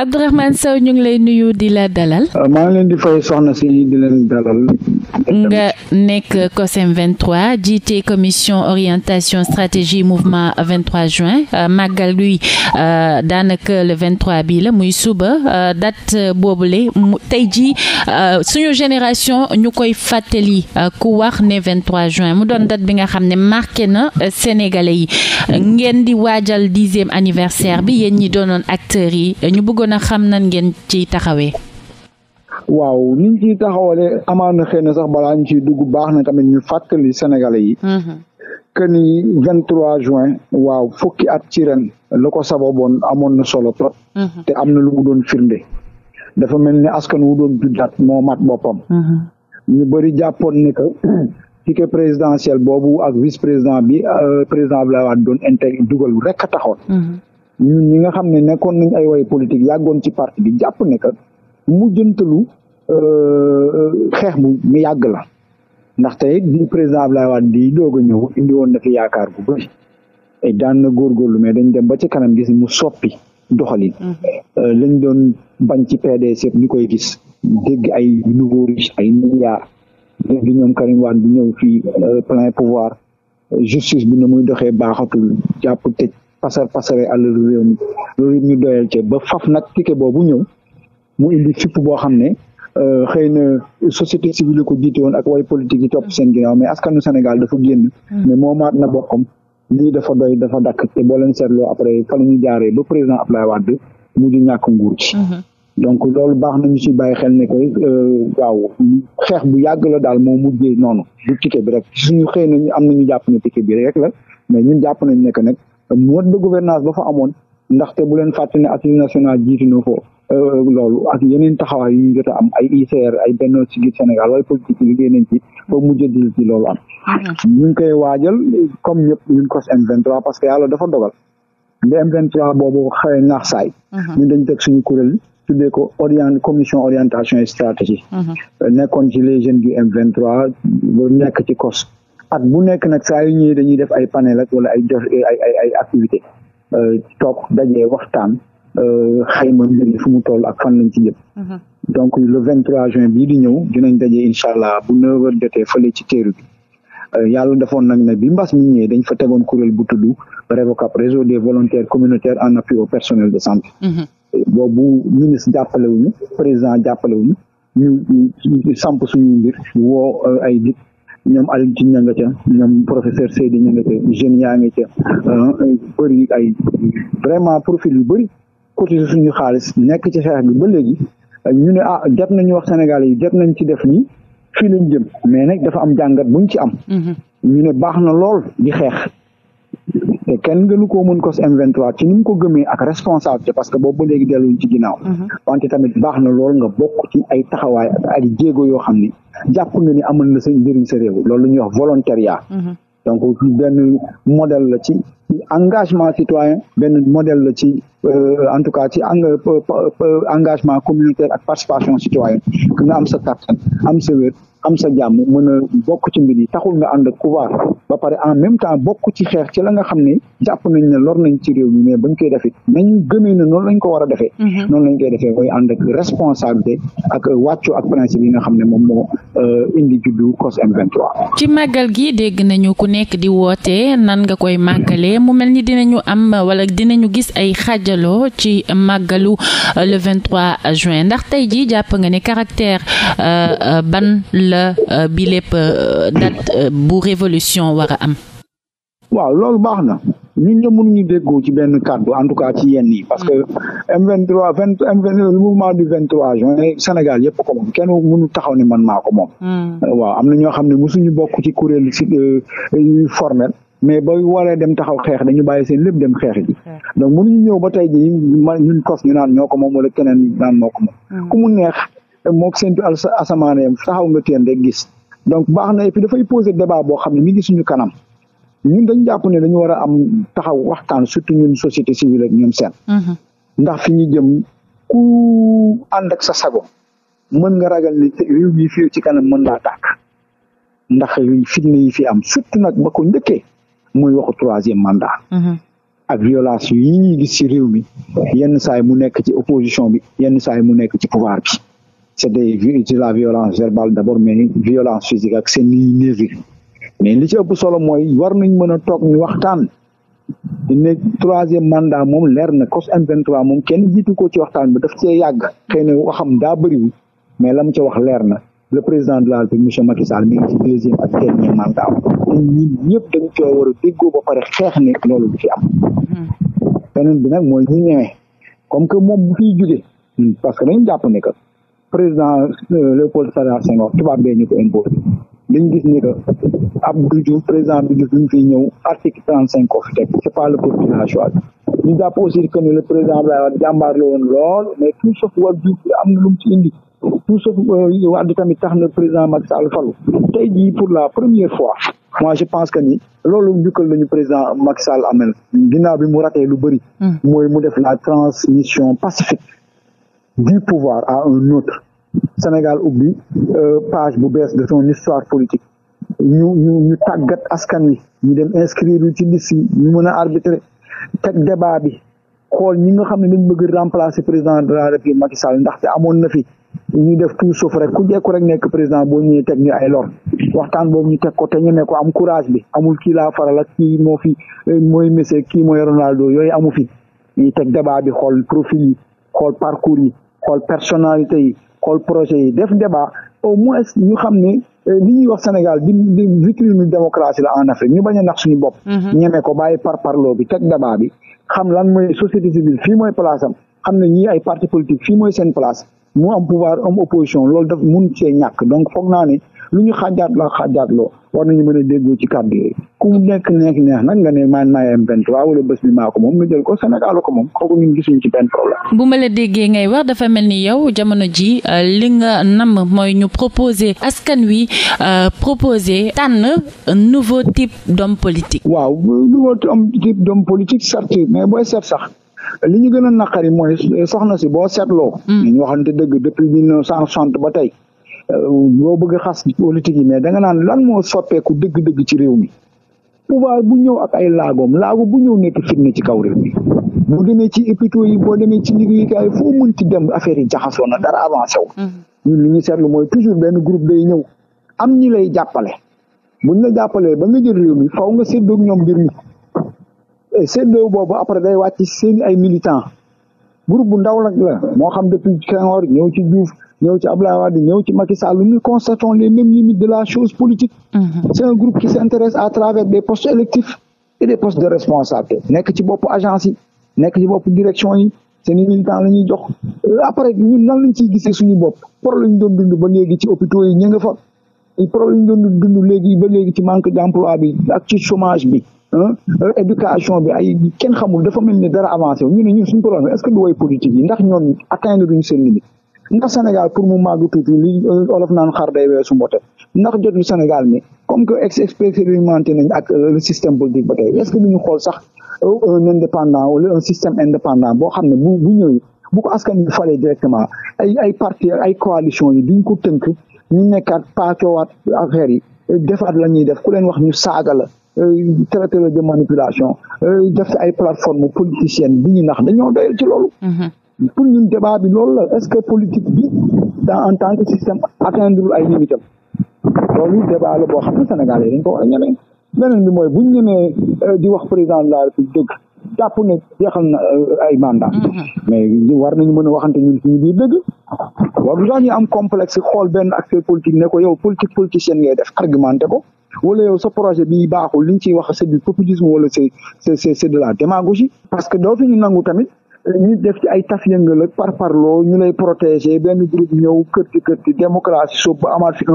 Abdourahmane Sow ñu ngi lay nuyu di la dalal. Euh, maa ngi leen di fay soxna si di leen dalal. nga nekk COSEM 23 jiite commission orientation stratégie mouvement 23 juin euh, màggal luy euh, daanaka le 23 bii la muy suba date boobule tey ji jii suñu génération ñu koy fàttali ku wax ne 23 juin mu doon date bi nga xam ne marqué na sénégalais yi ngeen di waajal dixième anniversaire bi yéen ñi doonoon acteurs yi ñu bëggoon bëggoon a xam nan ngeen ciy taxawee. waaw ni ñu ciy taxawalee amaana xëy na sax bala ñu ci dugg baax na tamit ñu fàttali Sénégalais yi. Mhm. que ni juin. waaw fukki at ci ren. la ko sababoon amoon na solo trop. Mhm. te am na lu mu doon firnde. dafa mel ni askan wu doon juddaat moo mat boppam. Mhm. ñu bëri jàppoon ne que ticket présidentiel boobu ak vice président bi euh, président Abdoulaye Wade doon intégrer dugal rekk a taxoon. ñun ñi nga xam ne nekkoon nañ ay way politique yàggoon ci parti bi jàpp ne que mu jëntalu euh, euh, xeex bu mu yàgg la ndaxte tey bi président Abdoulaye Wade di doog a ñëw indi woon na fi yaakaar bu bëri et daan na góorgóorlu mais dañ dem ba ci kanam gis mu soppi doxalin mm-hmm. euh, lañ doon bañ ci PDS yëpp ñu koy gis dégg ay nouveau riche ay milliards dégg ñoom Karim Wade di ñëw fii plein pouvoir justice bi na muy doxee baaxatul jàpp tëj pasar pasare àlalu réew mi loolu ñu doyal ca ba faf nag ticket boobu ñëw mu indi fipp boo xam ne euh, xëy na société civile ko jiite woon ak way politique yi topp seen ginnaaw mais askanu Sénégal dafa génn hmm. mais moomaat na boppam lii dafa doy dafa dakk te boo leen seetloo après fa ñu jaaree ba président Abdoulaye Wade mujj ñàkk nguur ci hmm. donc loolu baax na ñu si bàyyi xel ne koy euh, waaw xeex bu yàgg la daal moo mujjee noonu du ticket bi rek suñu xëy na ñu am nañu jàpp ne ticket bi rek ñun jàpp nañ ne que nag mode de gouvernance ba fa amoon ndaxte bu leen fàtte ne assemblée nationale a na ko euh, loolu ak taxawaay yu ñu jot a am ay ICR ay Benno Siggil Sénégal waaye politique yi liggéey nañ ci ba mujj dil ci loolu am mhm. ñu ngi koy waajal comme ñëpp ñun cos M23 parce que yàlla dafa dogal le M23 boobu xëy naax saay mhm. ñun dañ teg suñu kuréel ko commission orientation et stratégie mhm. euh, nekkoon ci les du M23 nekk ci cos at bu nekk nag saa yu ñëwee dañuy def ay panel ak wala ay jox ay ay ay activité euh, toog dajee waxtaan euh, xayma mbir yi fu mu toll ak fan lañ ci mm-hmm. donc le 23 juin bii di ñëw dinañ dajee incha allah bu 9 heures jotee fële ci teeru bi euh, yàlla defoon nag ne bi mbas mi ñëwee dañ fa tegoon kuréel bu tudd REVOCAP réseau des volontaires communautaires en appui au personnel de santé mm-hmm. boobu ministre jàppalewuñu président jàppalewuñu ñu samp suñuy mbir woo ay nit ñoom Aliou ci ña nga ca ñoom professeur Seydi ña nga ca jeunes yaa ngi ca ah, bëri ay vraiment profil yu bëri cotiser suñu xaalis nekk ci xeex bi ba léegi ñu ne ah jot nañu wax Sénégal yi jot nañ ci def nii fii lañ jëm mais nag dafa am jàngat buñ ci am mhm. ñu ne baax na lool di xeex te kenn gënu koo mën kos M23 ci ni mu ko gëmee ak responsabilité parce que boobu ba léegi delluñ ci ginnaaw mhm. wante tamit baax na lool nga bokk ci ay taxawaay ak ay jéego yoo xam ni jàpp nga ni amal na sa njëriñ sa réew loolu la ñuy wax mhm. donc benn modèle la ci engagement citoyen benn modèle la ci euh, en tout ci euh, euh, engagement communautaire ak participation citoyenne nga am sa kattan am sa am sa jàmm mën a bokk ci mbir yi taxul nga ànd ak pouvoir ba pare en même temps bokk ci xeex ci la nga xam ne jàpp nañ ne lor nañ ci réew mi mais bañ koy defit nañ gëmee ne noonu lañ ko a defee mhm. noonu koy defee mooy euh, di wootee nan nga koy màggalee mu mel ni dinañu am wala dinañu gis ay xaajaloo ci màggalu euh, le juin ndax tey ji jàpp nga ne caractère euh, ban la la euh, bi lépp euh, date euh, bu révolution war a am waaw loolu baax na ñun ñëpp mënuñu déggoo ci benn kàddu en tout cas ci yenn yi parce que M23 vingt M23 le mouvement du 23 juin Sénégal yëpp ko moom kenn mënu taxaw ni man maako ko moom. Hmm. waaw am na ñoo xam ne mosuñu bokk ci kuréel si yu formel mais ba waree dem taxaw xeex dañu bàyyi seen lépp dem xeex ji. donc mënuñu ñëw ba tey jii ñun kos ñu naan ñoo ko moom wala keneen naan moo ko moom. Hmm. ku mu neex moog séntu asamaaneem taxaw nga teen rek gis donc baax na et puis dafay poser débat boo xam ne mi gis ñu kanam ñun dañ jàpp ne dañu war a am taxaw waxtaan surtout ñun société civile ak ñoom seen mm-hmm. ndax fi ñu jëm ku ànd ak sa sago mën nga ragal ni réew yi ci kanam mën laa tàkk ndax fitna yi fi am surtout nag ba ko njëkkee muy waxu troisième mandat mm-hmm. ak violence yi ñuy gis ci réew mi yenn saay mu nekk ci opposition bi yenn saay mu nekk ci pouvoir bi c'est de la violence verbale d'abord mais violence physique ak seen i néevi mais li ci ëpp solo mooy war nañ mën a toog ñu waxtaan ne troisième mandat moom leer na COS M23 moom kenn jiitu ko ci waxtaan bi daf cee yàgg xëy na waxam daa bëriwul mais la mu ci wax leer na le président de la République monsieur Macky Sall mi ngi ci deuxième ak dernier mandat am ñun ñëpp dañu coo war loolu du fi am hmm. beneen bi nag mooy ñu ñëwee comme que moom bu fiy parce que dañu jàpp ne que président euh, Léopold Sédar Senghor tubaab bee ñu ko imposé li ñu ni que Abdou bi ñu fiy ñëw article trente cinq fi teg c' est pas le peuple qui l'a choisi ñu jàpp aussi que ni le président Abdoulaye Wade jàmbaar la woon lool mais tout sauf Wade Diouf am na lu mu ci indi tout sauf euh, Wade tamit tax na président Macky Sall falu tey jii pour la première fois moi je pense que ni loolu njukkal lañu président Macky Sall amel ginnaaw bi mu ratee lu bëri hmm. mooy mu def la transmission pacifique du pouvoir à un autre Sénégal ubbi euh, page bu bees de son histoire politique ñu ñu ñu tàggat askan wi ñu dem inscrire yu ci liste ñu mën a arbitrer teg débat bi xool ñi nga xam ne dañ bëgg remplacer président de la République Macky Sall ndaxte amoon na fi ñuy def tout sauf rek ku jekku rek nekk président boo ñëwee teg ñu ay lor waxtaan boobu ñu teg ko te ñu ne ko am courage bi amul kii la faral ak kii moo fi euh, mooy Messi kii mooy Ronaldo yooyu amu fi ñuy teg débat bi xool profil xool parcours yi xool personnalité yi xool projet yi def débat au moins ñu xam ne euh, li ñuy wax Sénégal di di vitrine démocratie la en Afrique ñu bañ a nax suñu bopp. Mhm. ñeme ko bàyyi par parloo bi teg débat bi xam lan mooy société civile fii mooy place am xam ne ñii ay parti politique fii mooy seen place mu am pouvoir am opposition loolu daf mun cee ñàkk donc foog naa ne. lu ñu xaajaat la xaajaatloo war nañu mën a déggoo ci kàddu yi ku mu nekk neex na nag nga ne man maay M23 wala bés bi maa ko moom nga jël ko Sénégal ko moom kooku ñun gisuñu ci benn problème. bu ma la déggee ngay wax dafa mel ni yow jamono ji euh, li nga nam mooy ñu proposer askan wi euh, proposer tànn nouveau type d'homme politique. waaw nouveau type d'homme politique certes mais booy seet sax. li ñu gën a naqari mooy euh, soxna si boo seetloo. Mm. ñu waxante dëgg depuis mille neuf ba tey. boo bëgg a xas politique yi mais da nga naan lan moo soppeeku dëgg-dëgg ci réew mi pouvoir bu ñëw ak ay laagoom laago bu ñëw nekk fitna ci kaw réew mi boo demee ci hôpitaux yi boo demee ci liggéeyukaay foo mënti dem affaire yi jaxasoo na dara avancé wu. Mm-hmm. ñun li ñu seetlu mooy toujours benn groupe day ñëw am ñi lay jàppale buñ la jàppale ba nga jël réew mi faw nga séddoo ak ñoom mbir mi séddoo boobu après day wàcc seen ay militants. groupe bu ndaw la moo xam depuis Senghor ñëw ci Diouf ñëw ci Abdoulaye Wade ñëw ci Macky Sall nous constatons les mêmes limites de la chose politique mm-hmm. c'est un groupe qui s'intéresse à travers des postes électifs et des postes de responsabilité nekk ci bopp agence yi nekk ci bopp direction yi seen i militants la ñuy jox euh, après ñun nan lañ ciy gisee suñu bopp problème ñu doon dund ba léegi ci hôpitaux yi ñu nga fa problème ñu doon dund léegi ba léegi ci manque d'emploi bi ak ci chômage bi Euh, éducation bi ay kenn xamul dafa mel ni dara avancé wu ñu ne ñun suñu problème est-ce que du way politique yi ndax ñoon atteindre duñu seen limite ndax Sénégal pour mu màgg tuuti li euh, olof naan xar day weesu mbote ndax jotul Sénégal mi comme que expérimenté nañ ak euh, le système politique ce que du ñu xool sax un indépendant wala un indépendant boo xam ne bu bu ñëwee bu ko askan bi falee directement ay ay parti ay coalition yi duñ ko tënk ñu nekkaat paacoowaat affaire yi defaat la ñuy def ku leen wax ñu saaga la Euh, traité la de manipulation euh, def ay plateforme politicienne bi ñu nax dañoo doyal ci loolu mhm. pour ñun débat bi loolu la est-ce que politique bi dans en tant que système atteindre ay limites loolu débat la boo xam ne Sénégal yi dañ ko war a ñemee beneen bi mooy bu ñu euh, di wax président de la République dëgg jàpp ne jeexal na ay mandat mhm. mais war nañu mën a waxante ñun suñu biir dëgg war lu tax ñu am complexe xool benn acteur politique ne ko yow politique politicienne ngay def argumenté ko wala yow sa projet bi baaxul li ñu ciy a c'est du populisme wala c'est de la démagogie parce que doo fi ñu nangu tamit euh, ñu def ay taf yëngal ak par parloo ñu lay protéger démocratie soob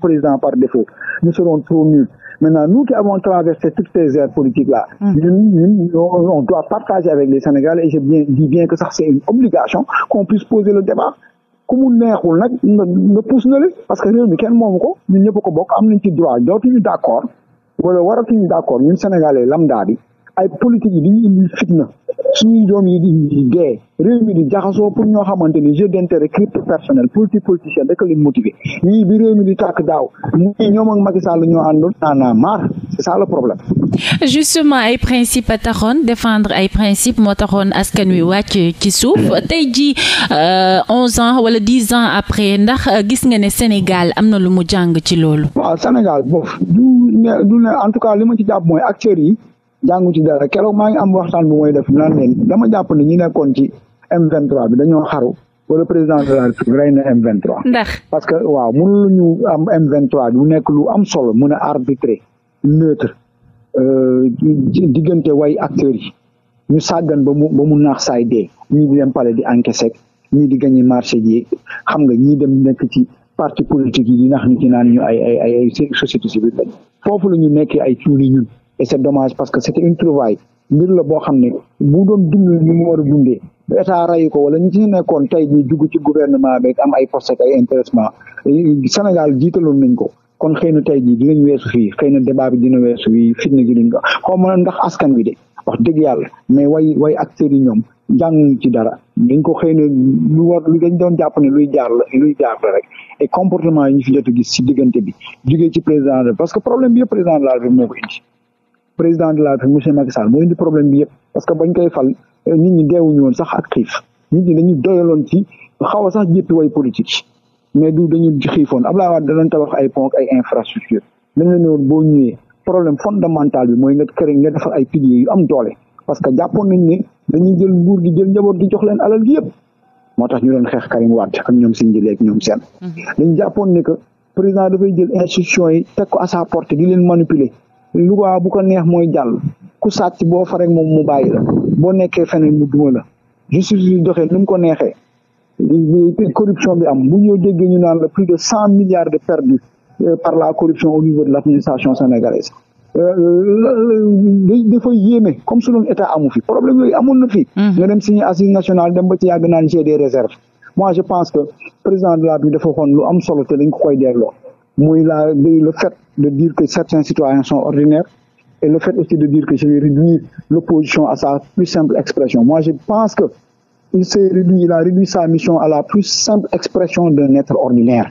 président par défaut nous serons trop nuls maintenant nous qui avons traversé toutes ces aires politiques là hmm. ñun ñun doit partager avec les Sénégalais et je dis bien que ça c'est une obligation qu'on puisse poser le débat ku mu neexul nag nga nga pousse na le parce que réew mi kenn moom ko ñun ñëpp ko bokk am nañ ci droit dootuñu d' accord wala waratuñu d' accord ñun sénégalais lambda bi ay politique yi dañuy indi fitna suñuy doom yi di mi di jaxasoo pour ñoo xamante ni jeu d' intérêt crypto personnel politique politicien rek leen motivé ñii bi réew mi di tàkk daaw ñii ñoom ak Macky Sall ñoo àndoon naanaa maar c' ça le problème. justement ay principe a taxoon défendre ay principe moo taxoon askan wi wàcc ci suuf tey ji euh, onze ans wala dix ans après ndax euh, gis nga ne Sénégal am na lu mu jàng ci loolu. waaw Sénégal boof du ne en tout cas li ma ci jàpp mooy acteurs yi. jàngu ci dara keroog maa ngi am waxtaan bu mooy def naan leen dama jàpp ne ñu nekkoon ci M23 bi dañoo xaru wala président la na M23. ndax parce que waaw mënu ñu am M23 du nekk lu am solo mën a arbitrer neutre euh, diggante way acteurs yi ñu sàggan ba mu ba mu naax saay dee ñu di dem palais di encaisser ñii di gagné marché ji xam nga ñii dem nekk ci parti politique yi di nax ñu ci naan ñu ay ay ay société civile lañ foofu la ñu nekk ay cuuni ñun. et c'est dommage parce que c'était une trouvaille mbir la boo xam ne bu doon dund ñu mu war a dundee bu état ko wala ñu ci nekkoon tey jii dugg ci gouvernement beeg am ay poste ak ay intéressement Sénégal jiitaloon nañ ko kon xëy na tey jii dinañ weesu fii xëy na débat bi dina weesu fi fitna gi duñ ko xaw ma ndax askan wi de wax dëgg yàlla mais way way acteurs yi ñoom jàng ci dara dañ ko xëy na lu war lu dañ doon jàpp ne luy jaar la luy jaar la rek et comportement yi ñu fi jot gis si diggante bi jugee ci président de parce que problème yëpp président de la République ko président de la République monsieur Macky Sall moo indi problème bi yëpp parce que bañ koy fal eh, nit ñi deewuñu woon sax ak xiif nit ñi dañu a sax jéppi way xiifoon Abdoulaye Wade danañ tabax ay pont ay infrastructure dañ ne woon boo ñëwee problème fondamental bi mooy nga kër ay piliers yu am doole parce que jàppoon nañ ne dañuy jël nguur gi jël njaboot gi jox leen alal yëpp moo tax ñu doon xeex Karim Wade ñoom seen mhm. dañ jàppoon ne que président dafay jël institution yi teg Louga bu ko neex mooy jàll ku sàcc boo fa rek moom mu bàyyi la boo nekkee feneen mu duma la justice bi doxee nu mu ko neexee corruption bi am bu ñëw déggee ñu naan la plus de cent milliards de perdus euh, par la corruption au niveau de l'administration sénégalaise euh, euh, dafa yéeme comme su doon état amu fi problème yooyu amoon na fi. nga dem signé assise nationale dem ba ci yàgg naan j'ai des réserves moi je pense que président de la République dafa waxoon lu am solo te dañ ko koy delloo muy la le fait de dire que certains citoyens sont ordinaires et le fait aussi de dire que je vais réduire l'opposition à sa plus simple expression. je pense que il s'est réduit, il a réduit sa mission à la plus simple expression d'un être ordinaire.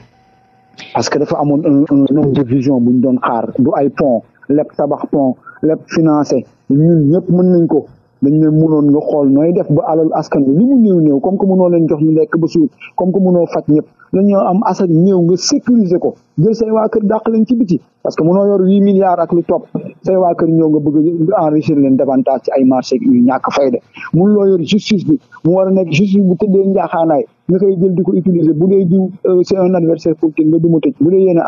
parce que dafa amoon un un nombre de vision bu ñu doon xaar du ay pont lépp tabax pont lépp financé ñëpp mën nañ ko dañ ne mënoon nga xool nooy def ba alal askan bi li mu néew néew comme que mënoo leen jox ñu lekk ba suur comme que mënoo faj ñëpp dañoo am asal néew nga sécuriser ko jël say waa kër dàq leen ci biti parce que mënoo yor huit milliards ak lu topp say waa ñëw nga bëgg a leen davantage ci ay marché yu ñàkk fayda mun loo yor justice bi mu war nekk justice bu tëddee njaaxaanaay nga koy jël di ko utiliser bu dee jiw euh, c'est un adversaire politique nga duma tëj bu dee yéen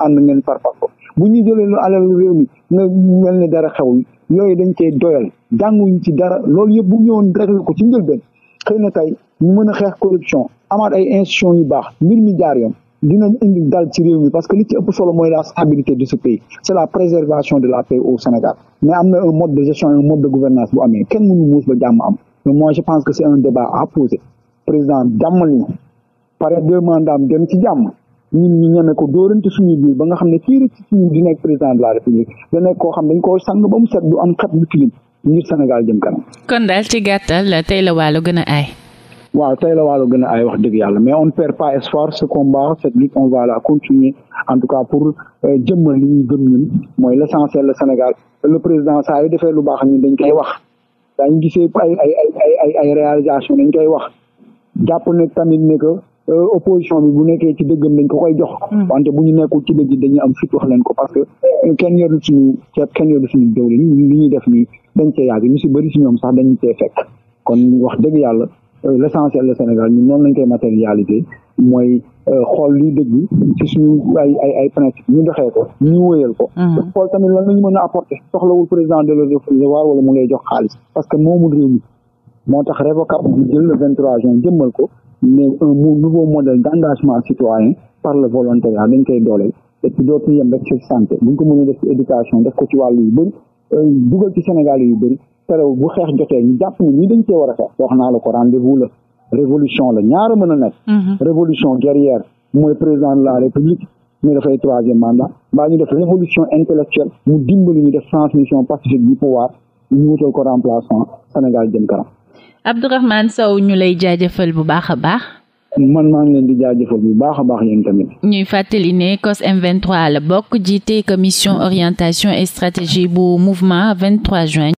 bu ñuy jëlee lu alal réew mi nga mel ne dara xewul yooyu dañ koy doyal jànguñ ci dara loolu yëpp bu ñëwoon réglé ko ci njëlbeen xëy na tey ñu mën a xeex corruption amaat ay institutions yu baax mbir mi jaar yoon dinañ indi dal ci réew mi parce que li ci ëpp solo mooy la stabilité de ce pays c' est la préservation de la paix au Sénégal mais am na un mode de gestion un mode de gouvernance bu amee kenn mënu muus ba jàmm am mais moi je pense que c' est un débat à poser président jàmmali pare deux mandats dem ci jàmm ñun ñu ñeme ko dóorante suñu biir ba nga xam ne kii rek ci suñu di nekk président koo xam dañ ko sang ba mu set du am xet bu tilim ngir Sénégal jëm kanam. kon daal ci gàttal tey la waalo gën a aay. waaw tey la waalo gën a aay wax dëgg yàlla mais on ne perd pas espoir ce combat cette lutte on va la continuer en tout cas pour euh, jëmmal li ñu gëm ñun mooy l' essentiel le Sénégal le président saa yu defee lu baax ñun dañ koy wax daañu gisee ay ay ay ay réalisation dañ koy wax jàpp ne tamit Euh, opposition bi bu nekkee ci dëggam dañ ko koy jox. Hmm. wante bu ñu nekkul ci dëgg dañuy am fit wax leen ko parce que kenn yorul suñu ceeb kenn yorul ñuy def nii dañ cee yàgg ñu si bëri si ñoom sax dañu cee fekk kon wax dëgg yàlla euh, l' essentiel le Sénégal ñun noonu lañ koy matérialité mooy euh, xool liy dëgg ci suñu ay ay ay principe ñu doxee ko ñu wéyal ko. Hmm. xool tamit lan la ñu mën a apporter soxlawul président de la République wala mu ngay jox xaalis parce que moom réew mi moo tax révocable bi jël le trois juin jëmmal ko. mais un nouveau modèle d' engagement citoyen par le volontariat dañ koy dooleel et puis dootuñu yem rek ci santé bu ñu ko mënee def ci éducation def ko ci wàll yu bëri euh, dugal ci Sénégal yu bëri terew bu xeex jotee ñu jàpp ni lii dañ cee war a xeex wax naa la ko rendez-vous la révolution la ñaara mën a nekk mm-hmm. révolution guerrière mooy président de la république ñu dafay troisième mandat mbaa ñu def révolution intellectuelle mu dimbali ñu def transmission pacifique du pouvoir ñu wutal ko Sénégal jëm kanam Abdourahmane Sow ñu lay jaajëfal bu baax a baax. man maa ngi leen di bu baax a baax yéen tamit. ñuy fàttali ne COS M23 la bokk jiite commission orientation et stratégie bu mouvement 23 juin.